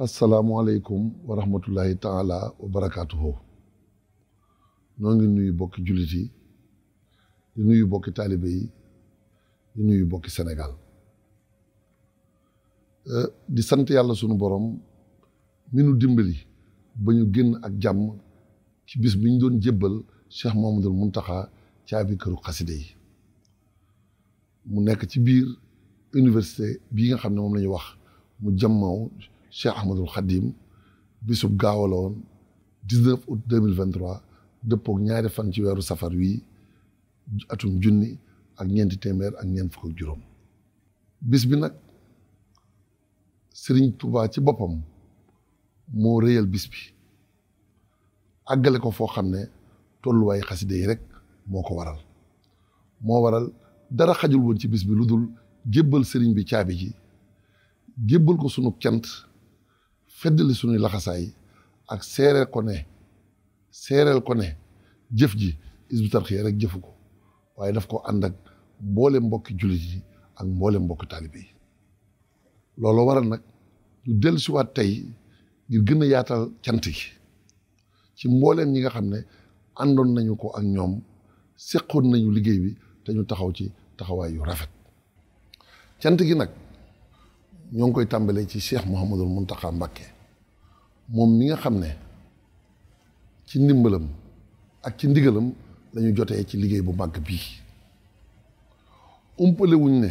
asalaamualeykum wa rahmatullahi taala wa barakaatuhu noo ngi nuyu bokki jullit yi di nuyu bokki taalibe du nuyu bokki Sénégal eh, di sant yàlla sunu borom mi dimbali ba ñu génn ak jàmm ci bis bi ñu doon jébbal Cheikh Mouhamadoul Mountakha caabi këru xaside mu nekk ci biir université bii nga xam ne moom la wax mu jàmmaw Cheikh Ahmadul Khadim bisub gaaw la woon 19 août 2023 dëppook ñaari fan ci weeru safar wii atum junni ak ñeenti téeméer ak ñeent fukk juróom bis bi nag Sëriñ Tuubaa ci boppam moo réyal bis bi àggale ko foo xam ne tolluwaay xaside rek moo ko waral moo waral dara xajul woon ci bis bi lu dul jébbal sëriñ bi caabi ji jébbal ko sunu cent feddali suñuy laxasaay ak seereel ko ne seereel ko ne jëf ji Hizbut Tarqiyyah rek jëfu ko waaye daf ko ànd ak mboole mbokki jullit yi ak mboole mbokki taalibe yi loolu waral nag ñu suwaat tey ngir gën yaatal cant yi ci mbooleem ñi nga xam ne àndoon nañu ko ak ñoom seqoon nañu liggéey bi te ñu taxaw ci taxawaay yu rafet cant gi nag ñoo ngi koy tàmbalee ci Cheikh Mouhamadul Mountakha Mbacké moom mi nga xam ne ci ndimbalam ak ci ndigalam lañu jotee ci liggéey bu màgg bii umpale ne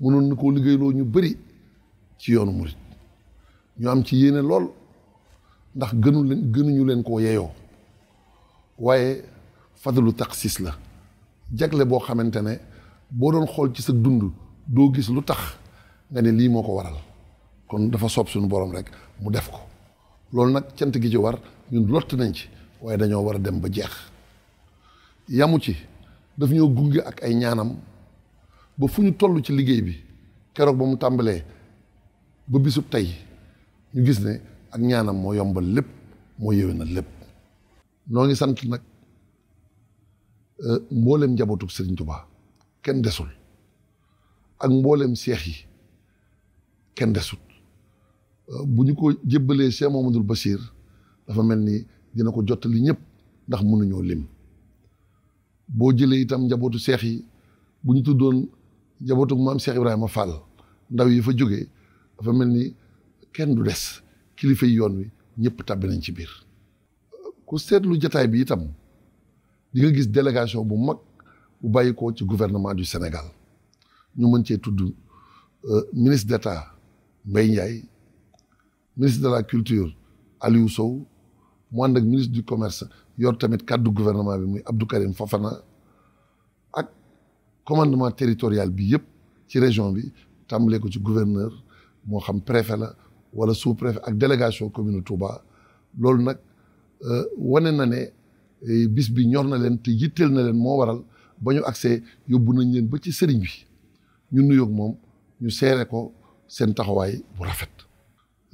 mënoon na koo liggéeyloo ñu bari ci yoonu murit ñu am ci yéene lool ndax gënu gënuñu leen koo yeyoo waaye fadlu taxsis la jagle boo xamante ne boo doon xool ci sa dund doo gis lu tax nga ne lii moo ko waral kon dafa soob suñu boroom rek mu def ko loolu nag cant gi ci war ñu lott nañ ci waaye dañoo war a dem ba jeex yamu ci daf ñëw gunge ak ay ñaanam ba fu ñu toll ci liggéey bi keroog ba mu tàmbalee ba bisub tey ñu gis ne ak ñaanam moo yombal lépp moo yëwee na lépp noo ngi sant nag euh, mboolem njabootu Serigne tubaa kenn desul ak mboolem seex yi kenn desut euh, bu ñu ko jébbalee Cheikh Mouhamadoul basiir dafa mel ni dina ko jottali ñëpp ndax mënuñoo lim boo jëlee itam njabootu seex yi bu ñu tuddoon njabootu maam Cheikh Ibrahima Fall ndaw yi fa jóge dafa mel ni kenn du des kilifa yi yoon wi ñëpp tàbbi nañ ci biir. Euh, ku seetlu jataay bi itam di nga gis délégation bu mag bu bàyyi ko ci gouvernement du senegal ñu mën cee tudd euh, ministre d'État. Mbaye Ndiaye ministre de la culture Aliou Sow mu ànd ak ministre du commerce yor tamit kàddu gouvernement bi muy Abdou Karim ak commandement territorial bi yëpp ci région bi tàmbalee ko ci gouverneur moo xam préfet la wala sous préfet ak délégation commune Touba loolu nag euh, wane na ne eh, bis bi ñor na leen te yitteel na leen moo waral ba ñu accès yóbbu nañ leen ba ci sëriñ bi ñu nuyoog moom ñu seere ko seen taxawaay bu rafet.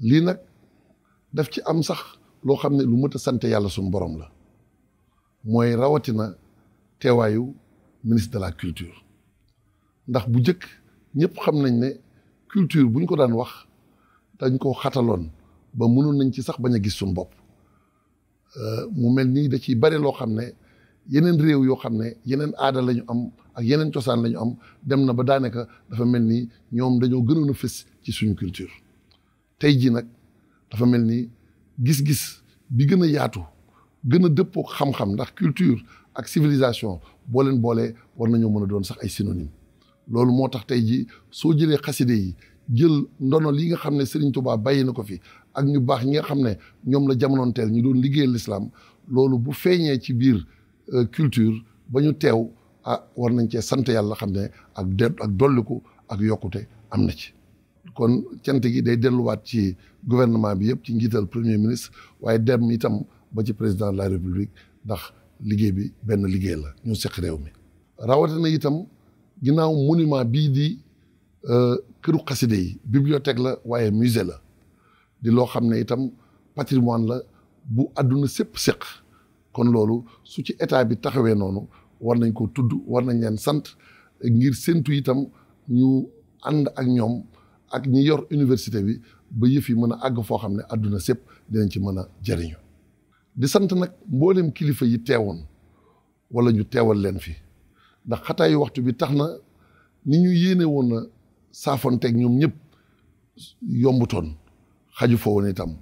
lii nag daf ci am sax loo xam ne lu mët a sant yàlla suñ borom la mooy rawatina teewaayu ministre de la culture ndax bu jëkk ñépp xam nañ ne culture bu ñu ko daan wax dañ ko xataloon ba mënoon nañ ci sax bañ a gis suñu bopp euh, mu mel nii da ciy bari loo xam ne yeneen réew yoo xam ne yeneen aada lañu am. ak yeneen cosaan lañu am dem na ba daanaka dafa mel ni ñoom dañoo gënoon a fës ci suñu culture tey jii nag dafa mel ni gis-gis bi gën a yaatu gën a dëppoo xam-xam ndax culture ak civilisation boo leen boolee war nañoo mën a doon sax ay synonyme loolu moo tax tey jii soo jëlee xaside yi jël ndono li nga xam ne Serigne Touba bàyyi na ko fi ak ñu baax ñi nga xam ne ñoom la jamonoonteel ñu doon liggéey lislaam loolu bu feeñee ci biir euh, culture ba ñu teew ah war nañ cee sant yàlla xam ne ak de ak dolliku ak yokkute am na ci kon cant gi day delluwaat ci gouvernement bi yëpp ci njiital premier ministre waaye dem itam ba ci président de la république ndax liggéey bi benn liggéey la ñu seq réew mi rawatina itam ginnaaw monument bii di euh, këru xaside yi bibliothèque la waaye musée la di loo xam ne itam patrimoine la bu àdduna sépp seq kon loolu su ci état bi taxawee noonu war nañ koo tudd war nañ leen sant ngir séntu itam ñu ànd ak ñoom ak ñi yor université bi ba yëf yi mën a àgg foo xam ne àdduna sépp dinañ ci mën a jëriñu. di sant nag mboolem kilifa yi teewoon wala ñu teewal leen fi ndax xataayu waxtu bi tax na ni ñu yéene woon na saafonteeg ñoom ñëpp yombutoon xaju fa woon itam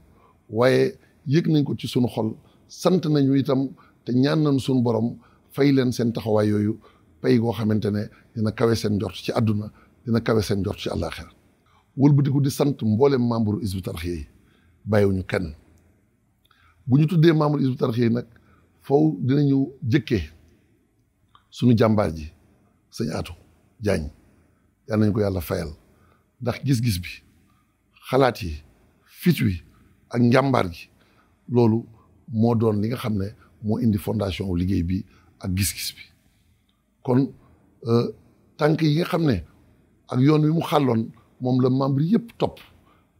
waaye yëg nañ ko ci sunu xol sant nañu itam te ñaan nañ sunu borom. fay leen seen taxawaay yooyu pay goo xamante ne dina kawe seen njort ci àdduna dina kawe seen njort ci àllaaxira wëlbatiku di sant mboolem membre Hizbut Tarqiyyah yi bàyyiwuñu kenn bu ñu tuddee membre Hizbut Tarqiyyah yi nag faw dinañu jëkkee suñu jàmbaar ji sëñ Atou Diagne yal nañu ko yàlla fayal ndax gis-gis bi xalaat yi fit wi ak njàmbaar ji loolu moo doon li nga xam ne moo indi fondation liggéey bi ak gis-gis bi kon euh, tànk yi nga xam ne ak yoon wi mu xàlloon moom la membre yëpp topp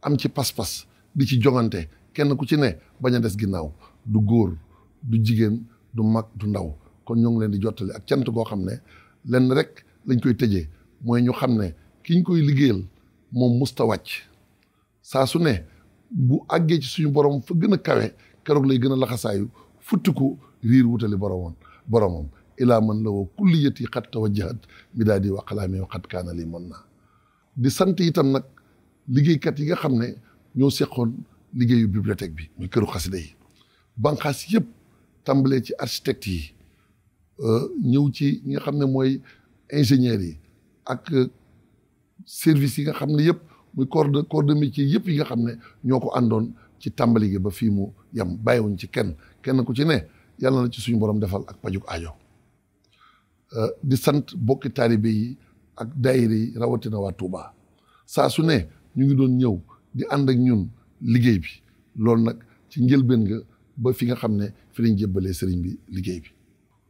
am ci pas-pas di ci jongante kenn ku ci ne bañ a des ginnaaw du góor du jigéen du mag du ndaw kon ñoo ngi leen di jottali ak cant goo xam ne lenn rek lañ koy tëjee mooy ñu xam ne ki ñu koy liggéeyal moom musta wàcc saa su ne bu àggee ci suñu borom fa gën a kawe keroog lay gën a laxasaayu ko riir wutali boromoon boromam ilaa man la woo kulliyati xat tawajjahat mi daal di waqalaami xat kaana lii mën naa di sant itam nag liggéeykat yi nga xam ne ñoo seqoon liggéeyu bibliothèque bi muy këru xasida yi banqaas yëpp tàmbalee ci architecte yi euh, ñëw ci ñi nga xam ne mooy ingénieurs yi ak euh, service yi nga xam ne yëpp muy corps de corps de métier yëpp yi nga xam ne ñoo ko àndoon ci tàmbali gi ba fii mu yem bàyyiwuñ ci kenn kenn ku ci ne yàlla na ci suñu borom defal ak pajuk aajo euh, di sant bokki taalibe yi ak daayira yi rawatina waa Touba saa su ne ñu ngi doon ñëw di ànd ak ñun liggéey bi loolu nag ci njëlbeen nga ba fi nga xam ne fi lañ jëbbalee sëriñ bi liggéey bi.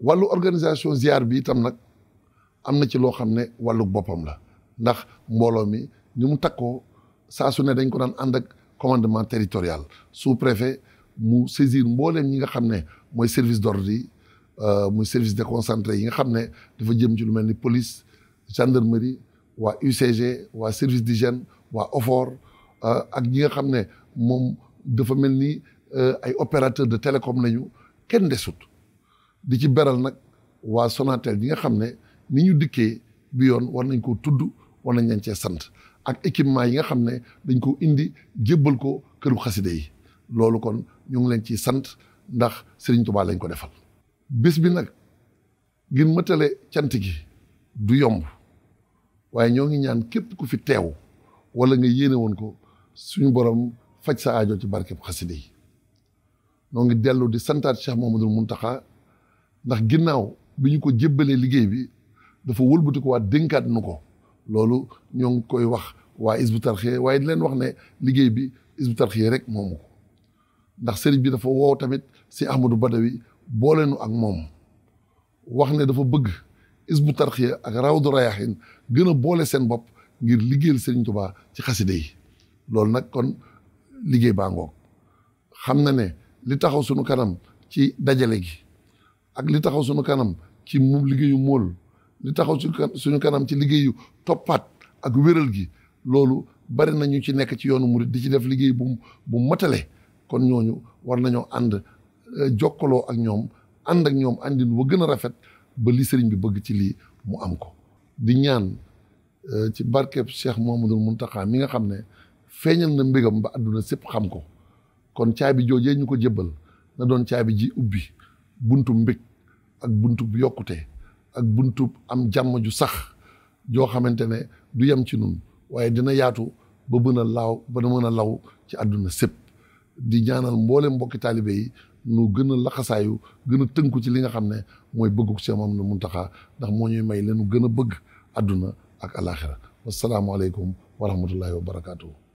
wàllu organisation ziar bi itam nag am na ci loo xam ne wàllu boppam la ndax mbooloo mi ni mu takkoo saa su ne dañ ko daan ànd ak commandement territorial sous préfet mu saisir mbooleem ñi nga xam ne mooy service d'ordre yi euh, muy service déconcentré yi nga xam ne dafa jëm ci lu mel ni police gendarmerie waa UCG waa service d'hygiène waa OFOR euh, ak ñi nga xam ne moom dafa mel ni euh, ay opérateur de télécom lañu kenn desut di ci beral nag waa Sonatel ñi nga xam ne ni ñu dikkee bi yoon war nañ koo tudd war nañ leen cee sant ak équipement yi nga xam ne dañ koo indi jébbal ko këru xaside yi loolu kon ñu ngi leen ciy sant ndax Serigne Touba lañ ko defal. bis bi nag ngir mëtale cant gi du yomb waaye ñoo ngi ñaan képp ku fi teew walla nga yéene woon ko suñu borom faj sa aajo ci barkeb xaside yi noo ngi dellu di santaat Cheikh mun Mountakha ndax ginnaaw bi ñu ko jébbalee liggéey bi dafa wëlbati ko waa dénkaat nu ko loolu ñoo ngi koy wax waa Hizbut Tarqiyyah waaye di leen wax ne liggéey bi Hizbut Tarqiyyah rek moomu ko ndax sëriñ bi dafa wow tamit si Ahmadou boole nu ak moom wax ne dafa bëgg isbu tarxiya ak rawdu rayaxin gën a boole seen bopp ngir liggéeyal sëriñ Tuubaa ci xaside loolu nag kon liggéey baa xam na ne li taxaw sunu kanam ci dajale gi ak li taxaw sunu kanam ci liggéeyu mool li taxaw suñu kanam ci liggéeyu toppaat ak wéral gi loolu bari na ñu ci nekk ci yoonu murit di ci def liggéey bu bu matale kon ñooñu war nañoo ànd euh, jokkaloo ak ñoom ànd ak ñoom àndin wa gën a rafet ba li sëriñ bi bëgg ci lii mu am ko di ñaan euh, ci barkeb Cheikh Mouhamadoul Mountakha mi nga xam ne feeñal na mbégam ba àdduna sépp xam ko kon caabi joojee ñu ko jébbal na doon caabi ji ubbi buntu mbég ak buntu yokkute ak buntu am jàmm ju sax joo xamante ne du yem ci nun waaye dina yaatu ba mën a laaw ba mën a law ci àdduna sépp di ñaanal mboolem mbokki taalibe yi nu gën a laxasaayu gën a tënku ci li nga xam ne mooy bëgguk Cheikh Mamadou Mountakha ndax moo ñuy may leenu gën a bëgg àdduna ak alaxira wasalaamualeykum wa rahmatullahi wa barakaatu.